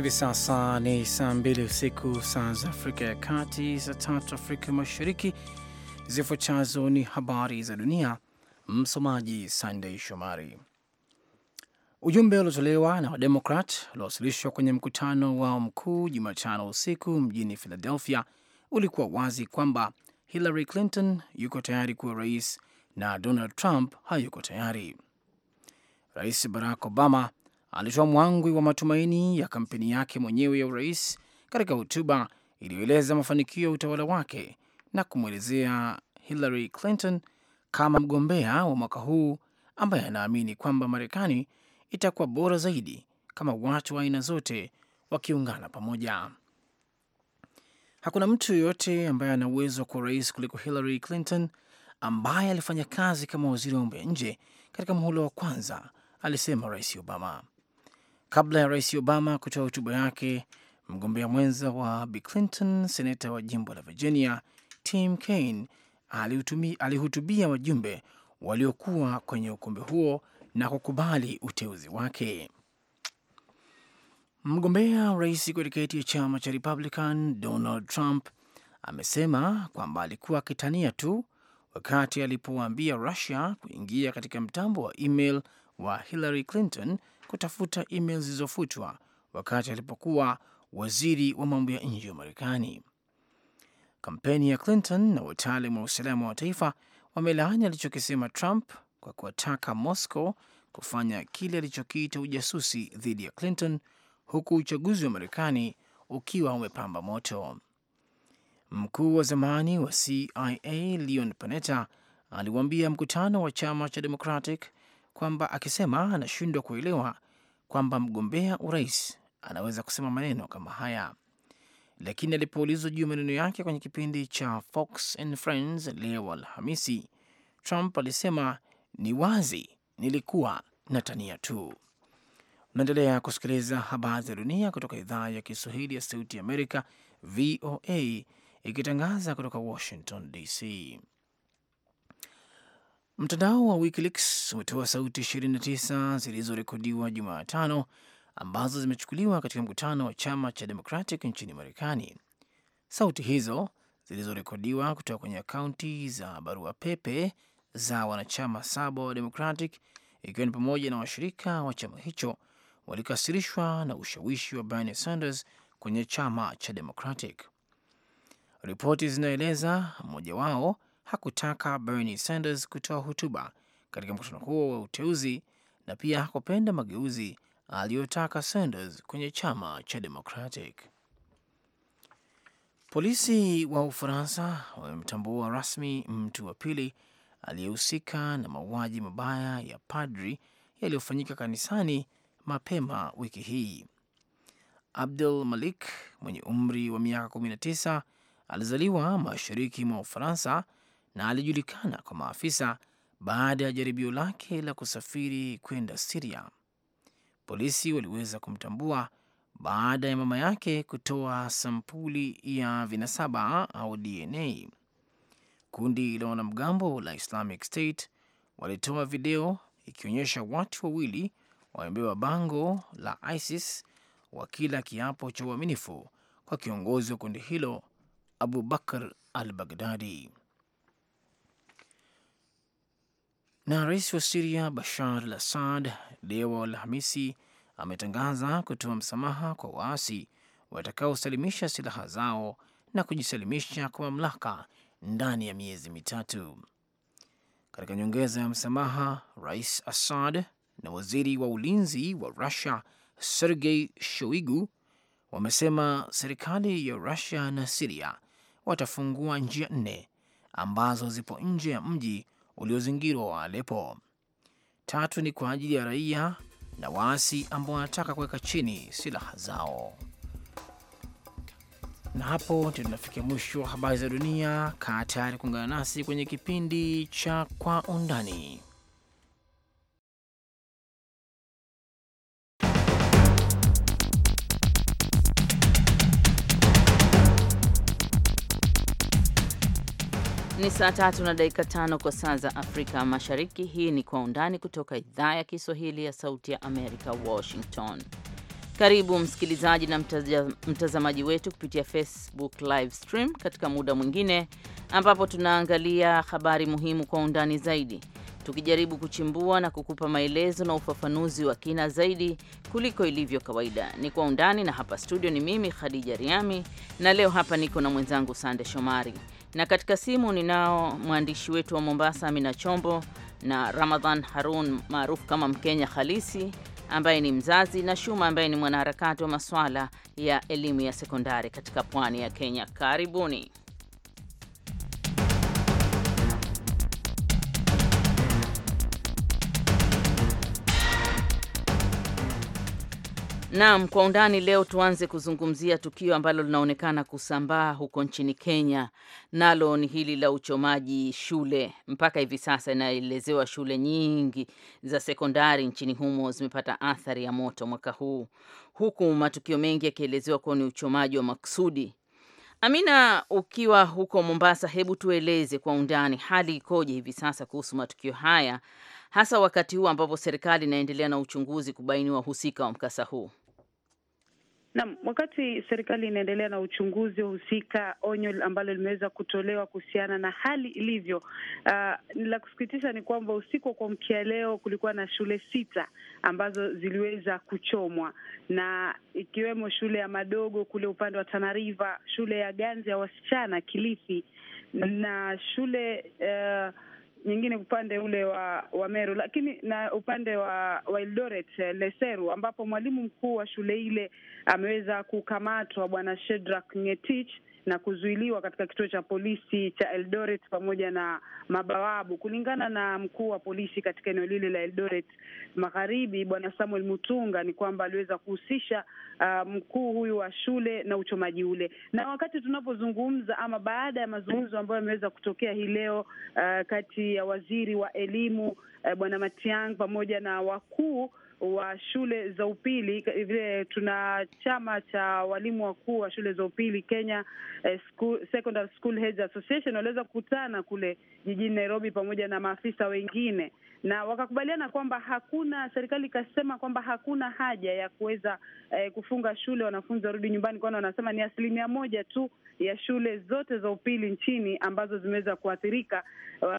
Hivi sasa ni saa mbili usiku saa za Afrika ya Kati, saa tatu Afrika Mashariki. Zifuatazo ni habari za dunia, msomaji Sandei Shomari. Ujumbe uliotolewa na Wademokrat uliowasilishwa kwenye mkutano wao mkuu Jumatano usiku mjini Philadelphia ulikuwa wazi kwamba Hillary Clinton yuko tayari kuwa rais na Donald Trump hayuko tayari. Rais Barack Obama alitoa mwangwi wa matumaini ya kampeni yake mwenyewe ya urais katika hotuba iliyoeleza mafanikio ya utawala wake na kumwelezea Hillary Clinton kama mgombea wa mwaka huu ambaye anaamini kwamba Marekani itakuwa bora zaidi kama watu wa aina zote wakiungana pamoja. Hakuna mtu yoyote ambaye ana uwezo kuwa rais kuliko Hillary Clinton ambaye alifanya kazi kama waziri wa mambo ya nje katika muhula wa kwanza, alisema Rais Obama. Kabla ya Rais Obama kutoa hotuba yake, mgombea mwenza wa Bi Clinton, seneta wa jimbo la Virginia Tim Kaine, alihutubia wajumbe waliokuwa kwenye ukumbi huo na kukubali uteuzi wake. Mgombea rais kwa tiketi ya chama cha Republican Donald Trump amesema kwamba alikuwa akitania tu wakati alipowaambia Russia kuingia katika mtambo wa email wa Hillary Clinton kutafuta email zilizofutwa wakati alipokuwa waziri wa mambo ya nje wa Marekani. Kampeni ya Clinton na wataalam wa usalama wa taifa wamelaani alichokisema Trump kwa kuwataka Moscow kufanya kile alichokiita ujasusi dhidi ya Clinton, huku uchaguzi wa Marekani ukiwa umepamba moto. Mkuu wa zamani wa CIA Leon Panetta aliwaambia mkutano wa chama cha Democratic kwamba akisema anashindwa kuelewa kwamba mgombea urais anaweza kusema maneno kama haya. Lakini alipoulizwa juu ya maneno yake kwenye kipindi cha Fox and Friends leo Alhamisi, Trump alisema ni wazi, nilikuwa natania tu. Unaendelea kusikiliza habari za dunia kutoka idhaa ya Kiswahili ya Sauti ya Amerika, VOA, ikitangaza kutoka Washington DC. Mtandao wa WikiLeaks umetoa sauti 29 zilizorekodiwa Jumatano ambazo zimechukuliwa katika mkutano wa chama cha Democratic nchini Marekani. Sauti hizo zilizorekodiwa kutoka kwenye akaunti za barua pepe za wanachama saba wa Democratic, ikiwa ni pamoja na washirika wa chama hicho, walikasirishwa na ushawishi wa Bernie Sanders kwenye chama cha Democratic. Ripoti zinaeleza mmoja wao hakutaka Bernie Sanders kutoa hotuba katika mkutano huo wa uteuzi na pia hakupenda mageuzi aliyotaka Sanders kwenye chama cha Democratic. Polisi wa Ufaransa wamemtambua rasmi mtu wa pili aliyehusika na mauaji mabaya ya padri yaliyofanyika kanisani mapema wiki hii. Abdul Malik mwenye umri wa miaka 19 alizaliwa mashariki mwa Ufaransa na alijulikana kwa maafisa baada ya jaribio lake la kusafiri kwenda Siria. Polisi waliweza kumtambua baada ya mama yake kutoa sampuli ya vinasaba au DNA. Kundi la wanamgambo la Islamic State walitoa video ikionyesha watu wawili wamebeba bango la ISIS wakila kiapo cha uaminifu kwa kiongozi wa kundi hilo abubakar al Baghdadi. Na rais wa Siria Bashar al Assad leo Alhamisi ametangaza kutoa msamaha kwa waasi watakaosalimisha silaha zao na kujisalimisha kwa mamlaka ndani ya miezi mitatu. Katika nyongeza ya msamaha, rais Assad na waziri wa ulinzi wa Rusia Sergei Shoigu wamesema serikali ya Rusia na Siria watafungua njia nne ambazo zipo nje ya mji uliozingirwa wa Alepo. Tatu ni kwa ajili ya raia na waasi ambao wanataka kuweka chini silaha zao. Na hapo ndio tunafikia mwisho wa habari za dunia. Kaa tayari kuungana nasi kwenye kipindi cha Kwa Undani. Ni saa tatu na dakika tano kwa saa za Afrika Mashariki. Hii ni Kwa Undani kutoka idhaa ya Kiswahili ya Sauti ya Amerika, Washington. Karibu msikilizaji na mtazamaji wetu kupitia Facebook live stream katika muda mwingine ambapo tunaangalia habari muhimu kwa undani zaidi, tukijaribu kuchimbua na kukupa maelezo na ufafanuzi wa kina zaidi kuliko ilivyo kawaida. Ni Kwa Undani, na hapa studio ni mimi Khadija Riami, na leo hapa niko na mwenzangu Sande Shomari. Na katika simu ninao mwandishi wetu wa Mombasa Amina Chombo na Ramadhan Harun maarufu kama Mkenya halisi ambaye ni mzazi na Shuma ambaye ni mwanaharakati wa masuala ya elimu ya sekondari katika pwani ya Kenya. Karibuni. Naam, kwa undani leo tuanze kuzungumzia tukio ambalo linaonekana kusambaa huko nchini Kenya, nalo ni hili la uchomaji shule. Mpaka hivi sasa inaelezewa shule nyingi za sekondari nchini humo zimepata athari ya moto mwaka huu, huku matukio mengi yakielezewa kuwa ni uchomaji wa makusudi. Amina, ukiwa huko Mombasa, hebu tueleze kwa undani hali ikoje hivi sasa kuhusu matukio haya, hasa wakati huu ambapo serikali inaendelea na uchunguzi kubaini wahusika wa mkasa huu. Naam, wakati serikali inaendelea na uchunguzi husika, onyo ambalo limeweza kutolewa kuhusiana na hali ilivyo, uh, la kusikitisha ni kwamba usiku wa kuamkia leo kulikuwa na shule sita ambazo ziliweza kuchomwa na ikiwemo shule ya Madogo kule upande wa Tana River, shule ya Ganze ya wasichana Kilifi na shule uh, nyingine upande ule wa, wa Meru, lakini na upande wa, wa Eldoret eh, Leseru, ambapo mwalimu mkuu wa shule ile ameweza kukamatwa, Bwana Shedrack Ngetich na kuzuiliwa katika kituo cha polisi cha Eldoret pamoja na mabawabu. Kulingana na mkuu wa polisi katika eneo lile la Eldoret Magharibi, Bwana Samuel Mutunga, ni kwamba aliweza kuhusisha uh, mkuu huyu wa shule na uchomaji ule. Na wakati tunapozungumza ama baada ya mazungumzo ambayo yameweza kutokea hii leo uh, kati ya waziri wa elimu uh, Bwana Matiang'i pamoja na wakuu wa shule za upili vile tuna chama cha walimu wakuu wa shule za upili Kenya eh, School, Secondary School Heads Association waliweza kukutana kule jijini Nairobi pamoja na maafisa wengine na wakakubaliana kwamba hakuna, serikali ikasema kwamba hakuna haja ya kuweza eh, kufunga shule wanafunzi warudi nyumbani, kwani wanasema ni asilimia moja tu ya shule zote za upili nchini ambazo zimeweza kuathirika,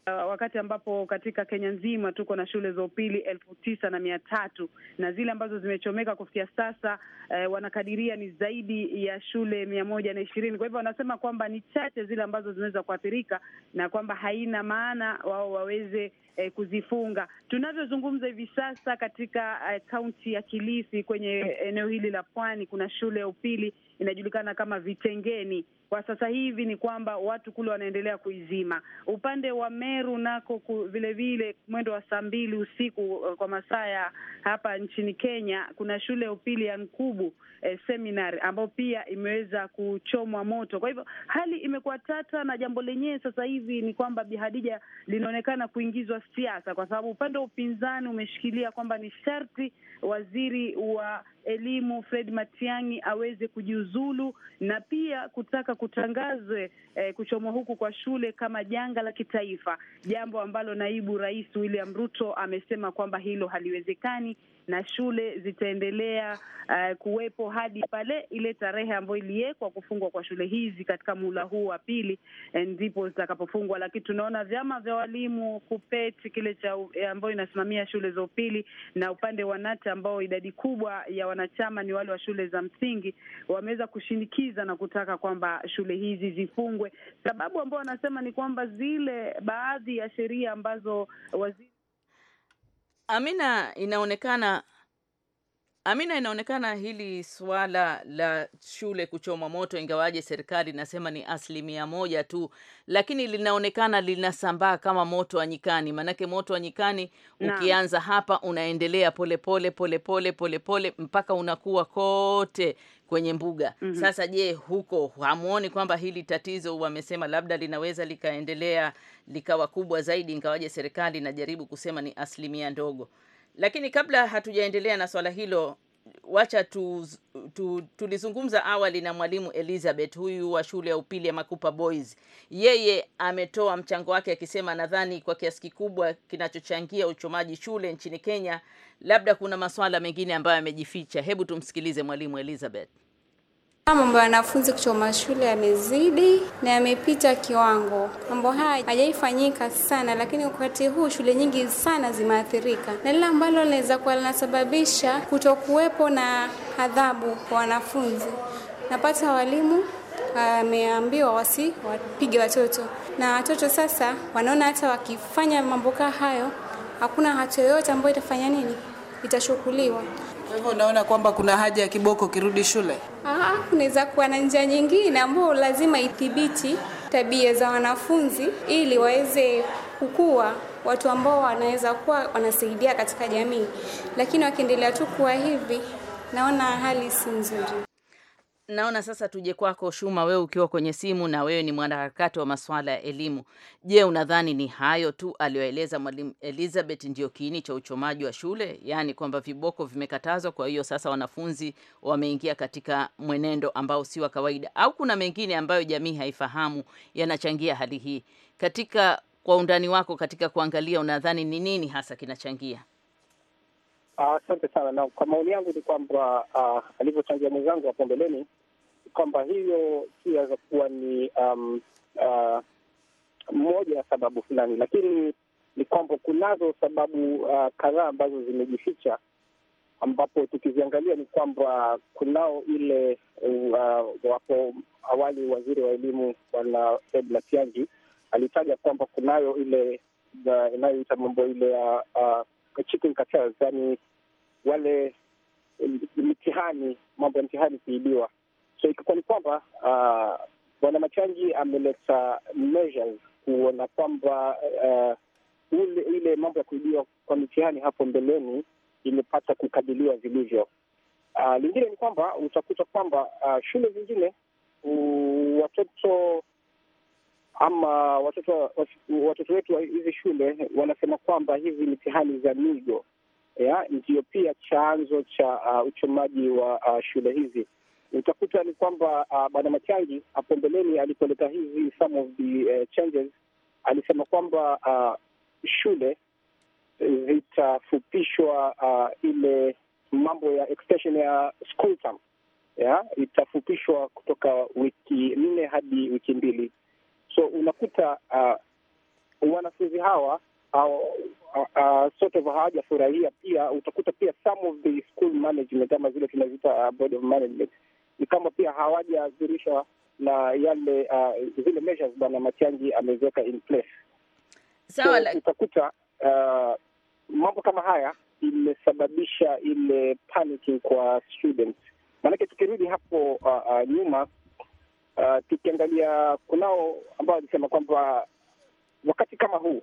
wakati ambapo katika Kenya nzima tuko na shule za upili elfu tisa na mia tatu na zile ambazo zimechomeka kufikia sasa eh, wanakadiria ni zaidi ya shule mia moja na ishirini. Kwa hivyo wanasema kwamba ni chache zile ambazo zimeweza kuathirika na kwamba haina maana wao waweze eh, kuzifunga. Tunavyozungumza hivi sasa katika eh, kaunti eh, ya Kilifi kwenye eneo hili la pwani kuna shule ya upili inajulikana kama Vitengeni. Kwa sasa hivi ni kwamba watu kule wanaendelea kuizima. Upande wa Meru nako vilevile, mwendo wa saa mbili usiku uh, kwa masaa ya hapa nchini Kenya, kuna shule ya upili ya Nkubu eh, seminary ambayo pia imeweza kuchomwa moto. Kwa hivyo hali imekuwa tata, na jambo lenyewe sasa hivi ni kwamba Bihadija linaonekana kuingizwa siasa, kwa sababu upande wa upinzani umeshikilia kwamba ni sharti waziri wa elimu Fred Matiang'i aweze kujiuzulu kujiuzulu na pia kutaka kutangazwe eh, kuchomwa huku kwa shule kama janga la kitaifa, jambo ambalo naibu rais William Ruto amesema kwamba hilo haliwezekani na shule zitaendelea uh, kuwepo hadi pale ile tarehe ambayo iliwekwa kufungwa kwa shule hizi katika muhula huu wa pili, eh, ndipo zitakapofungwa. Lakini tunaona vyama vya walimu kupeti kile cha eh, ambayo inasimamia shule za upili na upande wa Nata ambao idadi kubwa ya wanachama ni wale wa shule za msingi wameweza kushinikiza na kutaka kwamba shule hizi zifungwe. Sababu ambao wanasema ni kwamba zile baadhi ya sheria ambazo waziri Amina, inaonekana Amina, inaonekana hili swala la shule kuchoma moto, ingawaje serikali inasema ni asilimia moja tu, lakini linaonekana linasambaa kama moto wa nyikani. Maanake moto wa nyikani ukianza hapa unaendelea polepole polepole polepole mpaka unakuwa kote kwenye mbuga mm -hmm. Sasa je, huko hamuoni kwamba hili tatizo wamesema labda linaweza likaendelea likawa kubwa zaidi, ingawaje serikali inajaribu kusema ni asilimia ndogo. Lakini kabla hatujaendelea na swala hilo, wacha tu, tu, tulizungumza awali na mwalimu Elizabeth huyu wa shule ya upili ya Makupa Boys. Yeye ametoa mchango wake akisema, nadhani kwa kiasi kikubwa kinachochangia uchomaji shule nchini Kenya, labda kuna masuala mengine ambayo yamejificha. Hebu tumsikilize mwalimu Elizabeth. Mambo ya wanafunzi kuchoma shule yamezidi na yamepita kiwango. Mambo haya hajaifanyika sana, lakini wakati huu shule nyingi sana zimeathirika, na lile ambalo linaweza kuwa linasababisha kutokuwepo na adhabu kwa wanafunzi, napata walimu ah, wameambiwa uh, wapige watoto, na watoto sasa wanaona hata wakifanya mambo kaa hayo hakuna hatua yoyote ambayo itafanya nini, itashukuliwa. Kwa hivyo unaona kwamba kuna haja ya kiboko kirudi shule kunaweza kuwa na njia nyingine ambayo lazima ithibiti tabia za wanafunzi ili waweze kukua watu ambao wanaweza kuwa wanasaidia katika jamii, lakini wakiendelea tu kuwa hivi, naona hali si nzuri naona sasa tuje kwako Shuma, wewe ukiwa kwenye simu na wewe ni mwanaharakati wa masuala ya elimu. Je, unadhani ni hayo tu aliyoeleza Mwalimu Elizabeth ndio kiini cha uchomaji wa shule, yaani kwamba viboko vimekatazwa, kwa hiyo sasa wanafunzi wameingia katika mwenendo ambao si wa kawaida, au kuna mengine ambayo jamii haifahamu yanachangia hali hii? Katika kwa undani wako katika kuangalia, unadhani ni nini hasa kinachangia? Asante uh, sana na kwa maoni yangu ni kwamba uh, alivyochangia mwenzangu hapo mbeleni kwamba hiyo inaweza kuwa ni um, uh, moja ya sababu fulani, lakini ni kwamba kunazo sababu uh, kadhaa ambazo zimejificha, ambapo tukiziangalia ni kwamba kunao ile uh, wapo awali waziri wa elimu Bwana Fred Matiang'i alitaja kwamba kunayo ile uh, inayoita mambo ile ya uh, cheating cartels, wale uh, mtihani, mambo ya mtihani kuibiwa So ikikuwa ni kwamba uh, bwana uh, ameleta measures kuona kwamba uh, ule, ile mambo ya kuibiwa kwa mitihani hapo mbeleni imepata kukabiliwa vilivyo. Uh, lingine ni kwamba utakuta kwamba uh, shule zingine watoto ama watoto watoto wetu wa hizi shule wanasema kwamba hizi mitihani za migo ndiyo pia chanzo cha uh, uchomaji wa uh, shule hizi utakuta ni kwamba uh, bwana Machangi hapo mbeleni alipoleta hizi some of the uh, changes, alisema kwamba uh, shule zitafupishwa uh, ile mambo ya extension ya school term yeah, itafupishwa kutoka wiki nne hadi wiki mbili. So unakuta uh, wanafunzi hawa au, uh, uh, sort of hawajafurahia. Pia utakuta pia some of the school management ama zile tunaziita board of management ni kama pia hawajaadhirishwa na yale uh, zile measures bwana Matiangi ameziweka in place. Sawa, so, utakuta uh, mambo kama haya imesababisha ile panicking kwa students, maanake tukirudi hapo uh, uh, nyuma uh, tukiangalia kunao ambao walisema kwamba wakati kama huu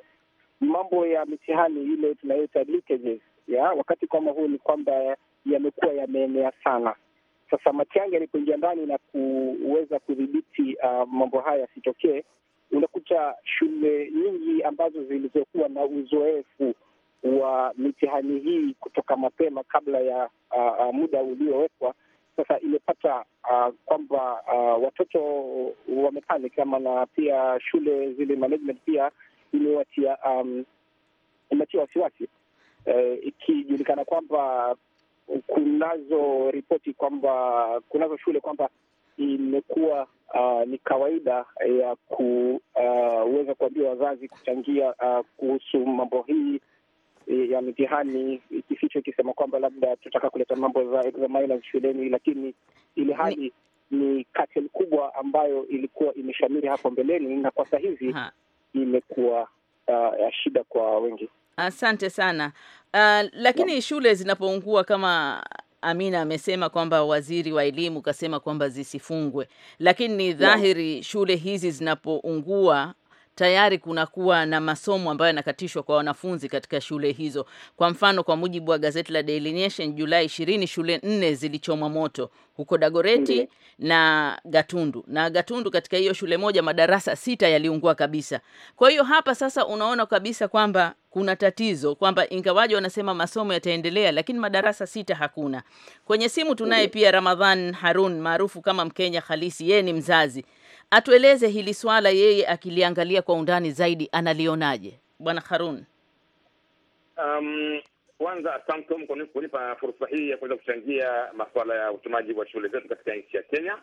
mambo ya mitihani ile tunayoita leakages ya wakati kama huu ni kwamba yamekuwa yameenea sana sasa Matiang'i alipoingia ndani na kuweza kudhibiti uh, mambo haya yasitokee, unakuta shule nyingi ambazo zilizokuwa na uzoefu wa mitihani hii kutoka mapema kabla ya uh, uh muda uliowekwa sasa imepata uh, kwamba uh, watoto wamepanic kama, na pia shule zile management pia imewatia um, imetia wasiwasi uh, ikijulikana kwamba kunazo ripoti kwamba kunazo shule kwamba imekuwa uh, ni kawaida ya kuweza ah, uh, kuambia wazazi kuchangia uh, kuhusu mambo hii eh, ya mitihani ikificho ikisema kwamba labda tutaka kuleta mambo za examiners shuleni, lakini ili hali ni katel kubwa ambayo ilikuwa imeshamiri hapo mbeleni na kwa sasa hivi imekuwa uh, shida kwa wengi. Asante sana. Uh, lakini yeah, shule zinapoungua kama Amina amesema kwamba waziri wa elimu kasema kwamba zisifungwe, lakini ni dhahiri yeah, shule hizi zinapoungua tayari kunakuwa na masomo ambayo yanakatishwa kwa wanafunzi katika shule hizo. Kwa mfano, kwa mujibu wa gazeti la Daily Nation, Julai 20 shule nne zilichomwa moto huko Dagoreti mm -hmm. na Gatundu na Gatundu, katika hiyo shule moja madarasa sita yaliungua kabisa. Kwa hiyo hapa sasa unaona kabisa kwamba kuna tatizo kwamba ingawaje wanasema masomo yataendelea, lakini madarasa sita hakuna. Kwenye simu tunaye pia Ramadhan Harun maarufu kama Mkenya halisi, yeye ni mzazi atueleze hili swala, yeye akiliangalia kwa undani zaidi analionaje, Bwana Harun? Um, kwanza asante kunipa fursa hii ya kuweza kuchangia masuala ya utumaji wa shule zetu katika nchi ya Kenya.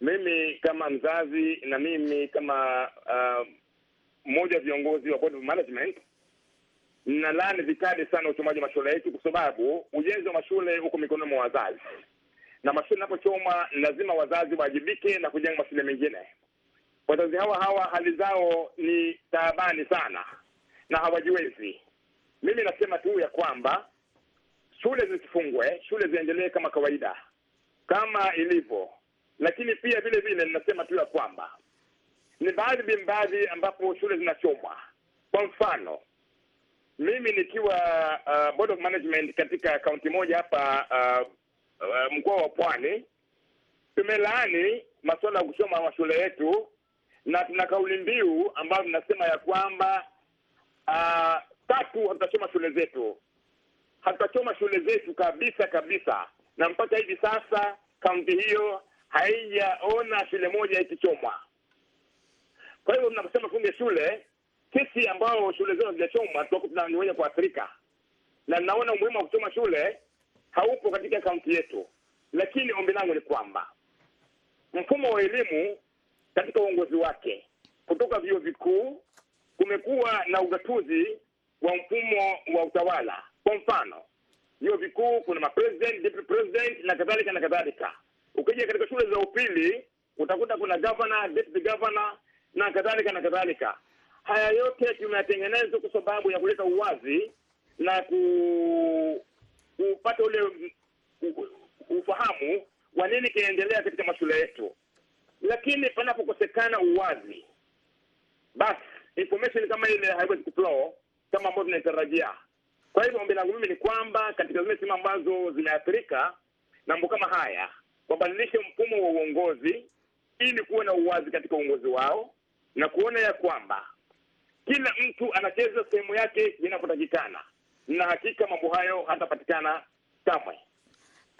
Mimi kama mzazi na mimi kama uh, mmoja uh, wa viongozi wa board of management nalani vikali sana utumaji wa mashule yetu, kwa sababu ujenzi wa mashule uko mikononi mwa wazazi na mashule yanapochoma lazima wazazi waajibike na kujenga mashule mengine. Wazazi hawa hawa hali zao ni taabani sana na hawajiwezi. Mimi nasema tu ya kwamba shule zisifungwe, shule ziendelee kama kawaida, kama ilivyo, lakini pia vile vile ninasema tu ya kwamba ni baadhi bimbadhi ambapo shule zinachomwa. Kwa mfano mimi nikiwa uh, board of management katika kaunti moja hapa uh, uh, mkoa wa Pwani tumelaani masuala ya kusoma mashule yetu, na tuna kauli mbiu ambayo tunasema ya kwamba uh, tatu, hatutachoma shule zetu, hatutachoma shule zetu kabisa kabisa, na mpaka hivi sasa kaunti hiyo haijaona shule moja ikichomwa. Kwa hivyo tunaposema funge shule, sisi ambao shule zetu hazijachomwa tunakuwa tunaweza kuathirika, na naona umuhimu wa kuchoma shule haupo katika kaunti yetu, lakini ombi langu ni kwamba mfumo wa elimu katika uongozi wake kutoka vyuo vikuu kumekuwa na ugatuzi wa mfumo wa utawala. Kwa mfano, vyuo vikuu kuna mapresident, deputy president na kadhalika na kadhalika. Ukija katika shule za upili utakuta kuna governor, deputy governor na kadhalika na kadhalika. Haya yote tumeyatengenezwa kwa sababu ya kuleta uwazi na ku kupata ule ufahamu wa nini kinaendelea katika mashule yetu, lakini panapokosekana uwazi, basi information kama ile haiwezi kuflow kama ambavyo tunaitarajia. Kwa hivyo ombi langu mimi ni kwamba katika zile sehemu ambazo zimeathirika mambo kama haya, wabadilishe mfumo wa uongozi ili kuwe na uwazi katika uongozi wao na kuona ya kwamba kila mtu anacheza sehemu yake inapotakikana na hakika mambo hayo hatapatikana kamwe.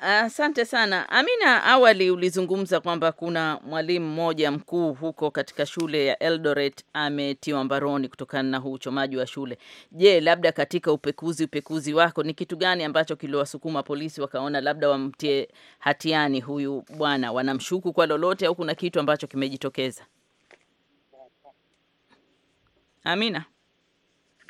Asante uh, sana Amina. Awali ulizungumza kwamba kuna mwalimu mmoja mkuu huko katika shule ya Eldoret ametiwa mbaroni kutokana na huu uchomaji wa shule. Je, labda katika upekuzi upekuzi wako ni kitu gani ambacho kiliwasukuma polisi wakaona labda wamtie hatiani huyu bwana? Wanamshuku kwa lolote au kuna kitu ambacho kimejitokeza? Amina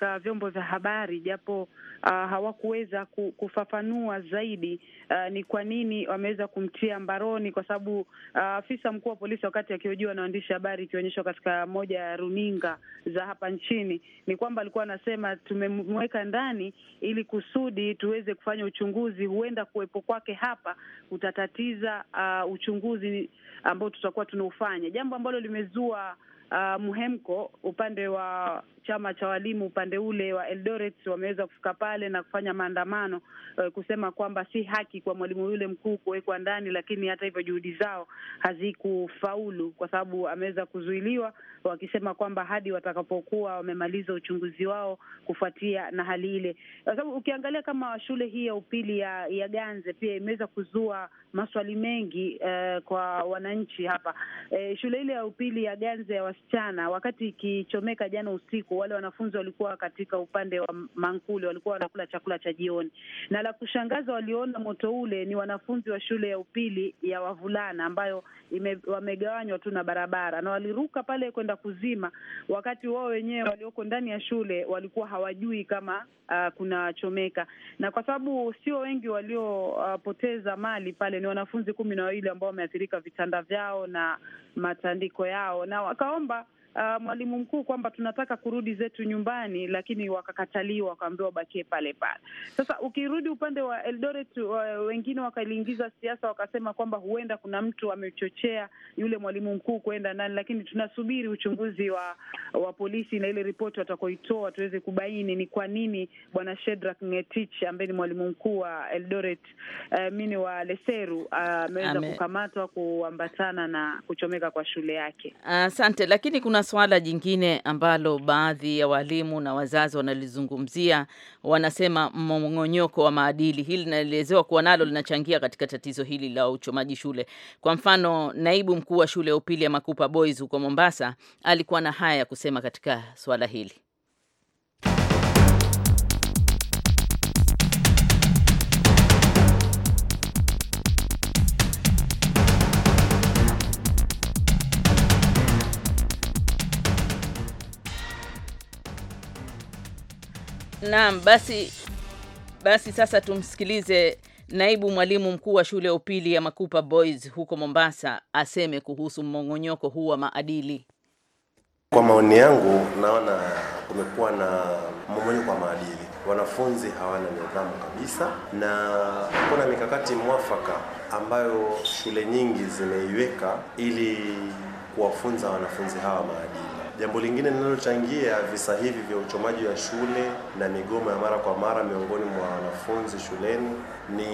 katika vyombo vya habari japo uh, hawakuweza kufafanua zaidi uh, ni kwa nini wameweza kumtia mbaroni, kwa sababu ah, afisa uh, mkuu wa polisi wakati akihojiwa na waandishi habari ikionyeshwa katika moja ya runinga za hapa nchini ni kwamba alikuwa anasema tumemweka ndani ili kusudi tuweze kufanya uchunguzi, huenda kuwepo kwake hapa utatatiza uh, uchunguzi ambao tutakuwa tunaufanya, jambo ambalo limezua Uh, mhemko upande wa chama cha walimu upande ule wa Eldoret wameweza kufika pale na kufanya maandamano uh, kusema kwamba si haki kwa mwalimu yule mkuu kuwekwa ndani, lakini hata hivyo juhudi zao hazikufaulu kwa sababu ameweza kuzuiliwa, wakisema kwamba hadi watakapokuwa wamemaliza uchunguzi wao kufuatia na hali ile, kwa sababu ukiangalia kama shule hii ya upili ya, ya Ganze pia imeweza kuzua maswali mengi uh, kwa wananchi hapa uh, shule ile ya upili ya Ganze ya wasichana wakati ikichomeka jana usiku huko, wale wanafunzi walikuwa katika upande wa Mankule, walikuwa wanakula chakula cha jioni, na la kushangaza, waliona moto ule ni wanafunzi wa shule ya upili ya wavulana ambayo wamegawanywa tu na barabara, na waliruka pale kwenda kuzima, wakati wao wenyewe walioko ndani ya shule walikuwa hawajui kama uh, kuna chomeka, na kwa sababu sio wengi waliopoteza uh, mali pale, ni wanafunzi kumi na wawili ambao wameathirika vitanda vyao na matandiko yao, na wakaomba uh, mwalimu mkuu kwamba tunataka kurudi zetu nyumbani, lakini wakakataliwa, wakaambiwa wabakie pale pale. Sasa ukirudi upande wa Eldoret, wengine wakaliingiza siasa, wakasema kwamba huenda kuna mtu amechochea yule mwalimu mkuu kwenda ndani, lakini tunasubiri uchunguzi wa wa polisi na ile ripoti watakoitoa tuweze kubaini ni kwa nini bwana Shedrack Ngetich ambaye ni mwalimu mkuu wa Eldoret uh, eh, mini wa Leseru ameweza uh, kukamatwa kuambatana na kuchomeka kwa shule yake. Asante uh, lakini kuna kuna swala jingine ambalo baadhi ya walimu na wazazi wanalizungumzia, wanasema mmong'onyoko wa maadili. Hili linaelezewa kuwa nalo linachangia katika tatizo hili la uchomaji shule. Kwa mfano, naibu mkuu wa shule ya upili ya Makupa Boys huko Mombasa alikuwa na haya ya kusema katika swala hili. Naam, basi basi sasa tumsikilize naibu mwalimu mkuu wa shule ya upili ya Makupa Boys huko Mombasa aseme kuhusu mmong'onyoko huu wa maadili. Kwa maoni yangu, naona kumekuwa na mmongonyoko wa maadili, wanafunzi hawana nidhamu kabisa, na kuna mikakati mwafaka ambayo shule nyingi zimeiweka ili kuwafunza wanafunzi hawa maadili Jambo lingine linalochangia visa hivi vya uchomaji wa shule na migomo ya mara kwa mara miongoni mwa wanafunzi shuleni ni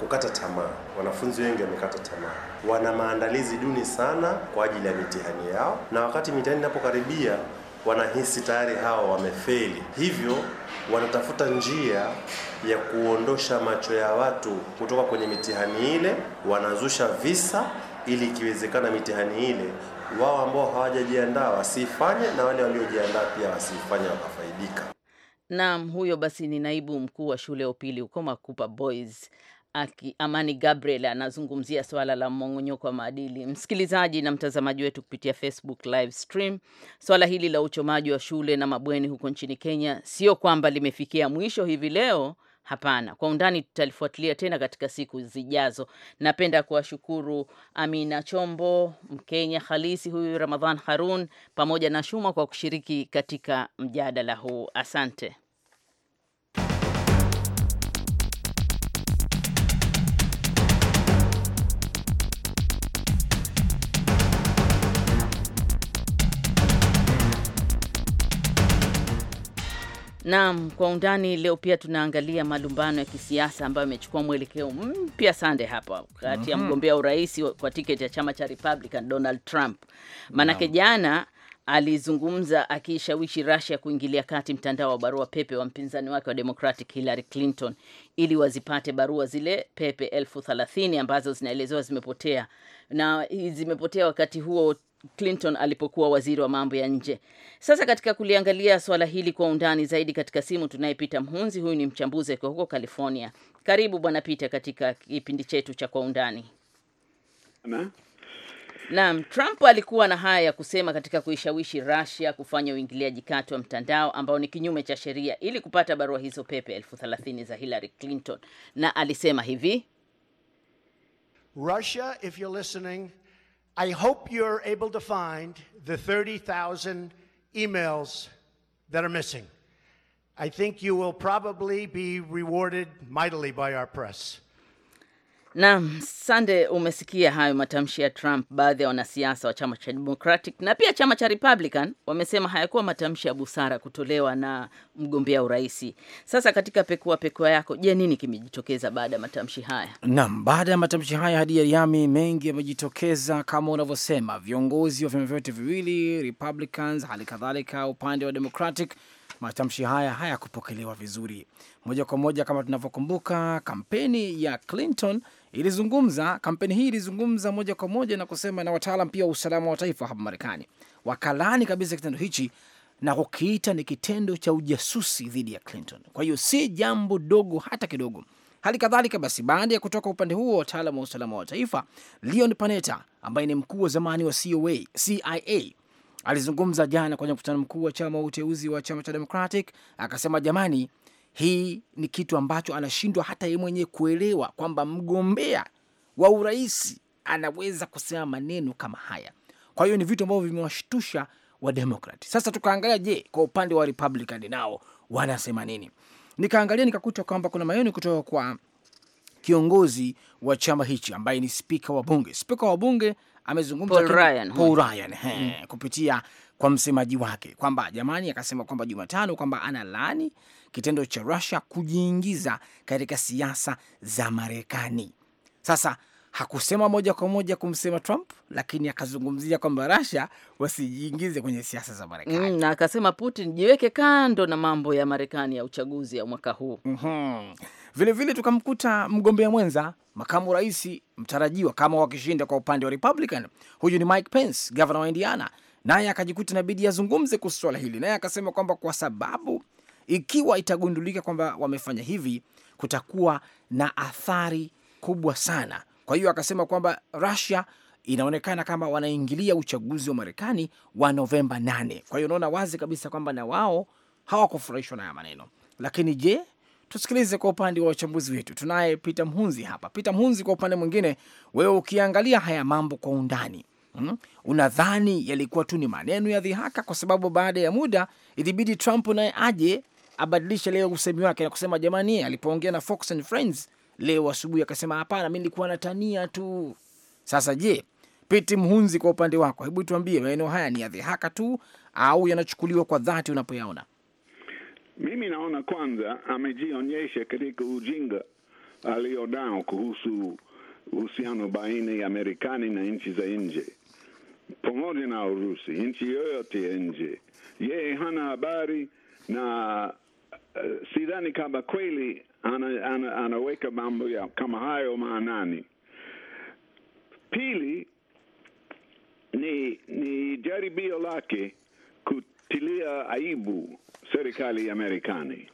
kukata tamaa. Wanafunzi wengi wamekata tamaa, wana maandalizi duni sana kwa ajili ya mitihani yao, na wakati mitihani inapokaribia wanahisi tayari hawa wamefeli, hivyo wanatafuta njia ya kuondosha macho ya watu kutoka kwenye mitihani ile. Wanazusha visa ili ikiwezekana mitihani ile wao ambao hawajajiandaa wasifanye na wale waliojiandaa pia wasifanye wakafaidika. Naam, huyo basi ni naibu mkuu wa shule ya upili huko Makupa Boys Aki, Amani Gabriel anazungumzia swala la mmong'onyoko wa maadili. Msikilizaji na mtazamaji wetu kupitia Facebook live stream, swala hili la uchomaji wa shule na mabweni huko nchini Kenya sio kwamba limefikia mwisho hivi leo, Hapana. Kwa undani tutalifuatilia tena katika siku zijazo. Napenda kuwashukuru Amina Chombo, Mkenya halisi huyu, Ramadhan Harun pamoja na Shuma kwa kushiriki katika mjadala huu. Asante. Naam, kwa undani leo pia tunaangalia malumbano ya kisiasa ambayo yamechukua mwelekeo mpya sande hapa kati ya mm -hmm. mgombea urais kwa tiketi ya chama cha Republican Donald Trump, maanake no. jana alizungumza akiishawishi Russia kuingilia kati mtandao wa barua pepe wa mpinzani wake wa Democratic Hillary Clinton ili wazipate barua zile pepe elfu thelathini ambazo zinaelezewa zimepotea na zimepotea wakati huo Clinton alipokuwa waziri wa mambo ya nje. Sasa katika kuliangalia swala hili kwa undani zaidi, katika simu tunaye Peter Mhunzi, huyu ni mchambuzi akiwa huko California. Karibu bwana Peter katika kipindi chetu cha kwa undani. Ana? Naam, Trump alikuwa na haya ya kusema katika kuishawishi Russia kufanya uingiliaji kati wa mtandao ambao ni kinyume cha sheria ili kupata barua hizo pepe elfu thelathini za Hillary Clinton, na alisema hivi Russia, if you're listening I hope you're able to find the 30,000 emails that are missing. I think you will probably be rewarded mightily by our press. Naam, Sande, umesikia hayo matamshi ya Trump. Baadhi ya wanasiasa wa chama cha Democratic na pia chama cha Republican wamesema hayakuwa matamshi ya busara kutolewa na mgombea uraisi. Sasa katika pekua pekua yako, je, nini kimejitokeza baada ya matamshi haya? Naam, baada ya matamshi haya hadi yariami mengi yamejitokeza kama unavyosema, viongozi wa vyama vyote viwili, Republicans hali kadhalika upande wa Democratic matamshi haya hayakupokelewa vizuri moja kwa moja. Kama tunavyokumbuka, kampeni ya Clinton ilizungumza kampeni hii ilizungumza moja kwa moja na kusema na wataalam pia wa usalama wa taifa hapa Marekani wakalani kabisa kitendo hichi na kukiita ni kitendo cha ujasusi dhidi ya Clinton. Kwa hiyo si jambo dogo hata kidogo. Hali kadhalika basi, baada ya kutoka upande huo wa wataalam wa usalama wa taifa, Leon Panetta ambaye ni mkuu wa zamani wa COA, CIA alizungumza jana kwenye mkutano mkuu wa chama wa uteuzi wa chama cha Democratic akasema, jamani, hii ni kitu ambacho anashindwa hata yeye mwenyewe kuelewa kwamba mgombea wa urais anaweza kusema maneno kama haya. Kwa hiyo ni vitu ambavyo vimewashtusha wa Democrat. Sasa tukaangalia, je, kwa upande wa Republican nao wanasema nini? Nikaangalia nikakuta kwamba kuna maoni kutoka kwa kiongozi wa chama hichi ambaye ni spika wa bunge. Spika wa bunge amezungumza Paul Ryan, Paul Ryan he, mm. kupitia kwa msemaji wake kwamba jamani, akasema kwamba Jumatano kwamba ana laani kitendo cha rusia kujiingiza katika siasa za Marekani. Sasa hakusema moja kwa moja kumsema Trump, lakini akazungumzia kwamba Russia wasijiingize kwenye siasa za Marekani mm, na akasema Putin jiweke kando na mambo ya Marekani ya uchaguzi ya mwaka huu mm -hmm. Vilevile tukamkuta mgombea mwenza makamu rais mtarajiwa kama wakishinda kwa upande wa Republican, huyu ni Mike Pence, gavana wa Indiana, naye akajikuta inabidi azungumze kuhusu swala hili, naye akasema kwamba kwa sababu ikiwa itagundulika kwamba wamefanya hivi, kutakuwa na athari kubwa sana. Kwa hiyo akasema kwamba Russia inaonekana kama wanaingilia uchaguzi wa Marekani wa Novemba 8. Kwa hiyo unaona wazi kabisa kwamba na wao hawakufurahishwa na haya maneno. Lakini je, tusikilize kwa upande wa wachambuzi wetu. Tunaye Peter Mhunzi hapa. Peter Mhunzi, kwa upande mwingine, wewe ukiangalia haya mambo kwa undani Hmm, unadhani yalikuwa tu ni maneno ya dhihaka? Kwa sababu baada ya muda ilibidi Trump naye aje abadilishe leo usemi wake na kusema jamani, alipoongea na Fox and Friends leo asubuhi akasema hapana, mi nilikuwa natania tu. Sasa je, Piti Mhunzi, kwa upande wako, hebu tuambie maeneo haya ni ya dhihaka tu au yanachukuliwa kwa dhati unapoyaona? Mimi naona kwanza amejionyesha katika ujinga alionao kuhusu uhusiano baina ya Marekani na nchi za nje pamoja na Urusi, nchi yoyote ya nje. Yeye hana habari na Eh, sidhani kama kweli ana, ana, anaweka mambo ya kama hayo maanani. Pili ni, ni jaribio lake kutilia aibu serikali ya Marekani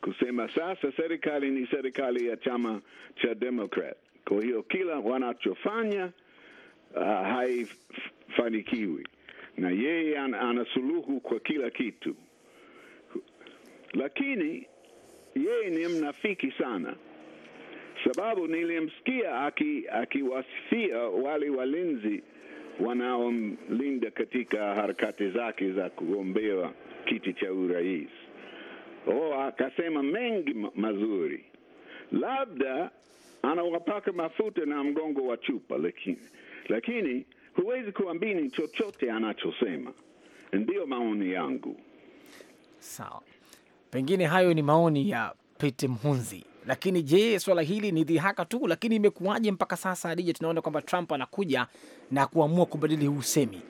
kusema sasa serikali ni serikali ya chama cha Democrat. Kwa hiyo kila wanachofanya uh, haifanikiwi, na yeye an, ana suluhu kwa kila kitu lakini yeye ni mnafiki sana, sababu nilimsikia akiwasifia aki wale walinzi wanaomlinda katika harakati zake za kugombea kiti cha urais. O, akasema mengi mazuri, labda anawapaka mafuta na mgongo wa chupa, lakini, lakini huwezi kuambini chochote anachosema. Ndiyo maoni yangu. Sawa. Pengine hayo ni maoni ya Pete Mhunzi. Lakini je, swala hili ni dhihaka tu? Lakini imekuwaje mpaka sasa, Adija, tunaona kwamba Trump anakuja na kuamua kubadili huu usemi?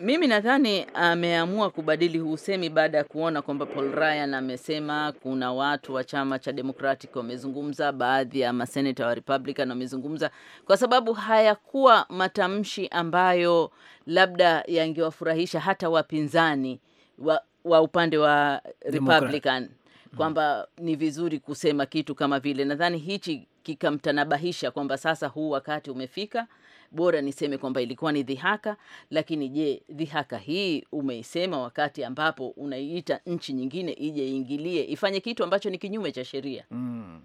Mimi nadhani ameamua kubadili huu usemi baada ya kuona kwamba Paul Ryan amesema kuna watu wa chama cha Democratic wamezungumza, baadhi ya maseneta wa Republican wamezungumza, kwa sababu hayakuwa matamshi ambayo labda yangewafurahisha hata wapinzani wa wa upande wa Republican mm. kwamba ni vizuri kusema kitu kama vile, nadhani hichi kikamtanabahisha kwamba sasa huu wakati umefika, bora niseme kwamba ilikuwa ni dhihaka. Lakini je, dhihaka hii umeisema wakati ambapo unaiita nchi nyingine ije iingilie ifanye kitu ambacho ni kinyume cha sheria mm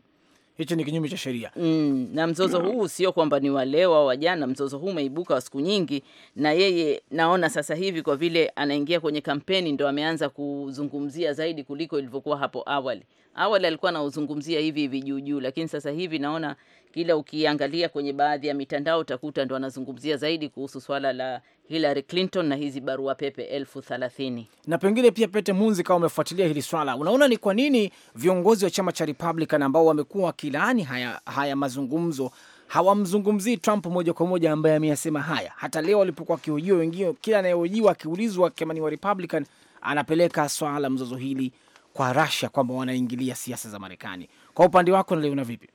hicho ni kinyume cha sheria mm. Na mzozo huu sio kwamba ni wa leo au wa mzozo huu umeibuka wa siku nyingi, na yeye naona sasa hivi kwa vile anaingia kwenye kampeni ndo ameanza kuzungumzia zaidi kuliko ilivyokuwa hapo awali. Awali alikuwa anauzungumzia hivi hivi juu juu, lakini sasa hivi naona kila ukiangalia kwenye baadhi ya mitandao utakuta ndo anazungumzia zaidi kuhusu swala la Hillary Clinton na hizi barua pepe elfu thelathini. Na pengine pia Pete Munzi, kama umefuatilia hili swala, unaona ni kwa nini viongozi wa chama cha Republican ambao wamekuwa wakilaani haya, haya mazungumzo hawamzungumzii Trump moja kwa moja ambaye ameyasema haya. Hata leo walipokuwa wakihojiwa wengine, kila anayehojiwa akiulizwa kama ni wa Republican anapeleka swala la mzozo hili kwa Russia kwamba wanaingilia siasa za Marekani. Kwa upande wako naliona vipi?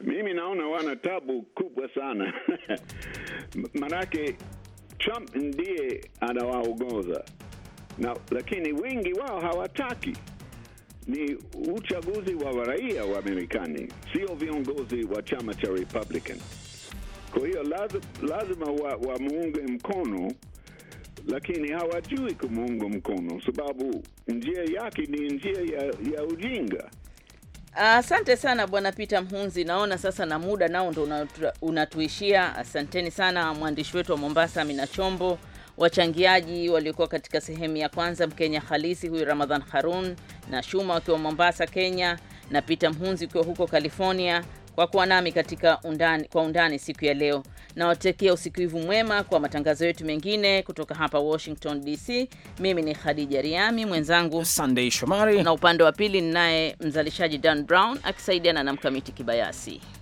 Mimi naona wana tabu kubwa sana manake Trump ndiye anawaongoza na, lakini wengi wao hawataki. Ni uchaguzi wa raia wa Marekani, sio viongozi wa chama cha Republican. Kwa hiyo lazima, lazima wamuunge wa mkono, lakini hawajui kumuunga mkono sababu njia yake ni njia ya, ya ujinga. Asante sana bwana Peter Mhunzi, naona sasa na muda nao ndo unatuishia. Asanteni sana mwandishi wetu wa Mombasa Amina Chombo, wachangiaji waliokuwa katika sehemu ya kwanza, Mkenya halisi huyu Ramadhan Harun na Shuma wakiwa Mombasa Kenya, na Peter Mhunzi ukiwa huko California kwa kuwa nami katika undani, kwa undani siku ya leo. Nawatakia usikivu mwema kwa matangazo yetu mengine kutoka hapa Washington DC. Mimi ni Khadija Riami, mwenzangu Sunday Shomari, na upande wa pili ninaye mzalishaji Dan Brown akisaidiana na mkamiti Kibayasi.